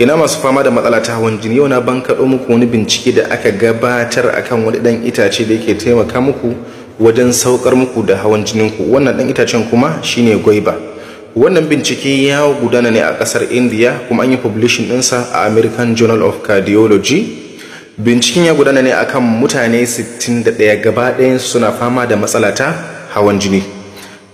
ina masu fama da matsala ta hawan jini yau na ban kaɗo muku wani bincike da aka gabatar akan wani ɗan itace da yake taimaka muku wajen saukar muku da hawan ku wannan ɗan itacen kuma shine gwaiba wannan bincike ya gudana ne a ƙasar india kuma an yi publishing ɗinsa a american journal of cardiology binciken ya gudana ne akan mutane 61 gaba ɗayan suna fama da matsala ta hawan jini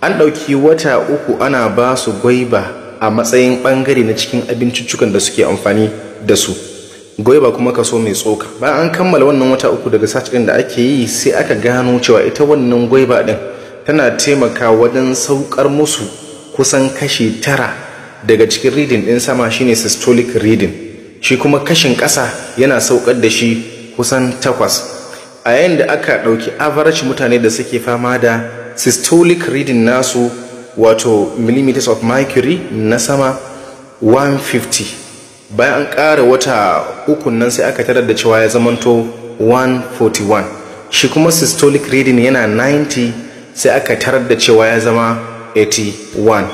an ɗauki wata uku ana ba su gwaiba a matsayin ɓangare na cikin abinciccikan da suke amfani da su goiba kuma kaso mai tsoka bayan an kammala wannan wata uku daga ɗin da ake yi sai aka gano cewa ita wannan goiba ɗin tana taimaka wajen saukar musu kusan kashi tara daga cikin reading ɗin sama shine systolic reading shi kuma kashin ƙasa yana saukar da shi kusan takwas a yayin da aka ɗauki average mutane da suke fama da systolic reading nasu wato millimeters of mercury na sama 150 bayan an ƙara wata uku nan sai aka tarar da cewa ya zamanto 141 shi kuma systolic reading yana 90 sai aka tarar da cewa ya zama 81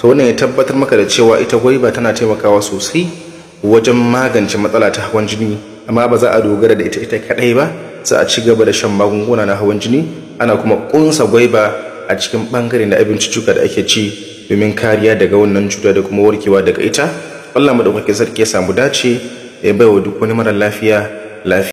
so wannan ya tabbatar maka da cewa ita gwaiba tana taimakawa sosai wajen magance matsala ta hawan jini amma ba za a dogara da ita ita kadai ba za a ci gaba da shan magunguna na hawan jini ana kuma kunsa gwaiba a cikin bangare na abinciccuka da ake ci domin kariya daga wannan cuta da kuma warkewa daga ita Allah madaukakin sarki ya samu dace ya bai wa duk wani mara lafiya lafiya